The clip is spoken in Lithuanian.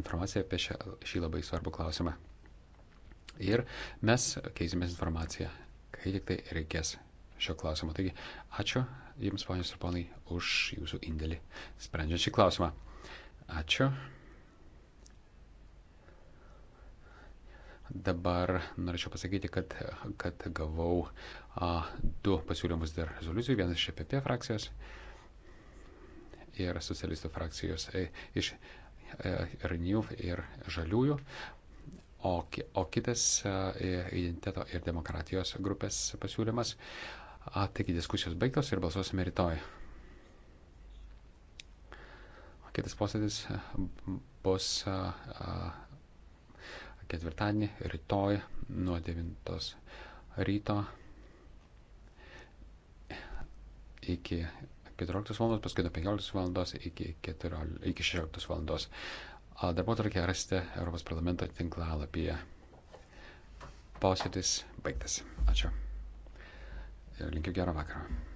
informaciją apie šią, šį labai svarbų klausimą. Ir mes keisimės informaciją, kai tik tai reikės šio klausimo. Taigi, ačiū Jums, ponios ir ponai, už Jūsų indėlį sprendžiant šį klausimą. Ačiū. Dabar norėčiau pasakyti, kad, kad gavau a, du pasiūlymus dėl rezoliucijų, vienas iš EPP frakcijos ir socialistų frakcijos e, iš E, Renew ir Žaliųjų, o, o kitas e, identiteto ir demokratijos grupės pasiūlymas. A, taigi diskusijos baigtos ir balsuosime rytoj. Kitas posėdis e, bus a, a, ketvirtadienį, rytoj nuo 9 ryto iki 14 valandos, paskui nuo 15 valandos iki, 14, iki 16 valandos. Darbo tvarkę rasite Europos parlamento tinklalapyje. Posėdis baigtas. Ačiū. Ir linkiu gerą vakarą.